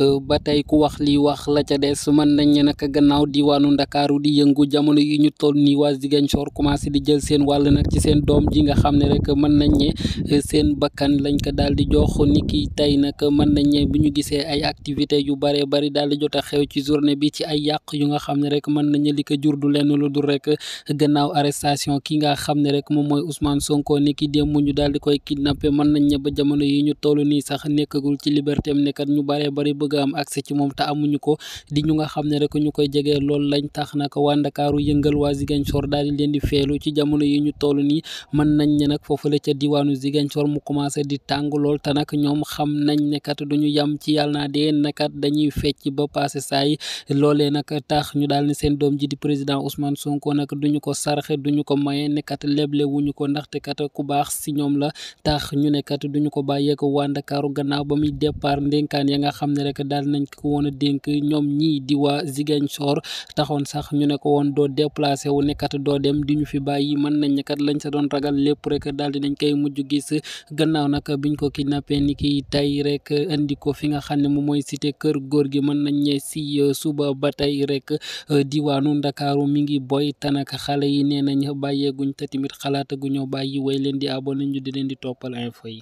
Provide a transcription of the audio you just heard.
Euh, ba tey ku wax li wax la ca des mën nañ ne nag gannaaw diwaanu ndakaaru di yëngu jamono yi ñu toll nii waa Ziguinchor commencé di jël seen wàll nag ci seen doom ji nga xam ne rek mën nañ ne euh, seen bakkan lañ ko daal di jox ni ki tey nag mën nañ bu ñu gisee ay activité yu bare bari daal di jot xew ci journée bi ci ay yàq yu nga xam ne rek mën nañ ne ko jur du lenn lu dul rek gannaaw arrestation ki nga xam ne rek moom mooy Ousmane Sonko ni ki démb ñu daal di koy kidnappé mën nañ ne ba jamono yi ñu toll nii sax nekkagul ci liberté nekkat ñu bare bari bëgg am accès ci moom te amuñu ko di ñu nga xam ne rek ñu koy jege loolu lañ tax nag waa Ndakaaru yëngal waa Ziguinchor daal di leen di feelu ci jamono yi ñu toll nii mën nañ ne nag foofale ca diwaanu Ziguinchor mu commencé di tàng lool te nag ñoom xam nañ ne kat duñu yam ci yàlla dee nakat dañuy fecc ba passé saa yi loolee tax ñu daal ne seen doom ji di président Ousmane Sonko nag duñu ko sarxe duñu ko maye nekat leble wuñu ko ndaxte kat ku la ñu ko bàyyeeko ka Ndakaaru ba muy départ ndénkaan ya nga xam rek daal nañ ko woon a dénk ñoom ñii diwaa waa Ziguinchor taxoon sax ñu ne ko woon doo déplacé wu nekkat doo dem di ñu fi bàyyi mën nañ kat lañ sa doon ragal lépp rek daal di nañ koy mujj gis gannaaw nag ñu ko kidnappé ni ki tey rek indi ko fi nga xam ne moom mooy cité kër góor gi mën nañ ne si euh, suba ba tey rek euh, diwaanu Ndakaaru mi ngi boy tanak xale yi nee nañ bàyyeeguñ te tamit xalaataguñoo bàyyi way leen di abonné ñu di leen di toppal info yi